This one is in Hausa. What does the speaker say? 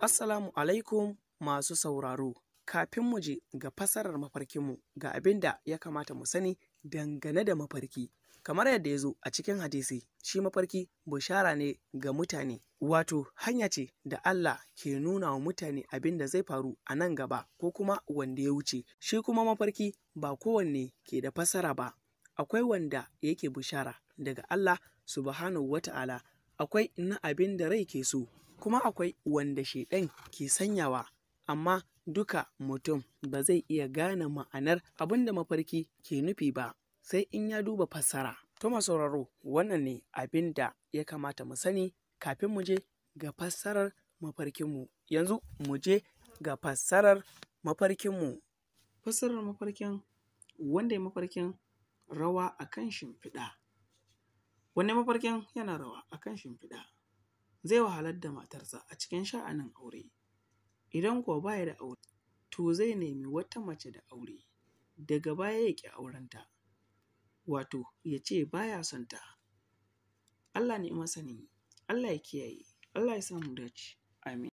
Assalamu alaikum masu sauraro, kafin mu je ga fasarar mafarkinmu ga abin da ya kamata mu sani dangane da mafarki. Kamar yadda ya zo a cikin hadisi, shi mafarki bushara ne ga mutane, wato hanya ce da Allah ke nuna wa mutane abin da zai faru a nan gaba ko kuma wanda ya wuce. Shi kuma mafarki ba kowanne ke da fasara ba, akwai wanda yake bushara daga Allah subhanahu Ta'ala? akwai na abin da rai ke so kuma akwai wanda shaidan ke sanyawa amma duka mutum ba zai iya gane ma'anar abin da mafarki ke nufi ba sai in ya duba fassara to sauraro wannan ne abin da ya kamata mu sani kafin mu je ga fassarar mafarkinmu yanzu mu je ga fassarar mafarkinmu fassarar mafarkin wanda ya mafarkin rawa a kan shimfiɗa Wani mafarkin yana rawa a kan shimfiɗa, zai wahalar da matarsa a cikin sha'anin aure. Idan kuwa baya da aure, to zai nemi wata mace da aure, daga baya ya ƙi aurenta, wato ya ce baya son ta. Allah ne masani, Allah ya kiyaye, Allah ya samu dace, amin.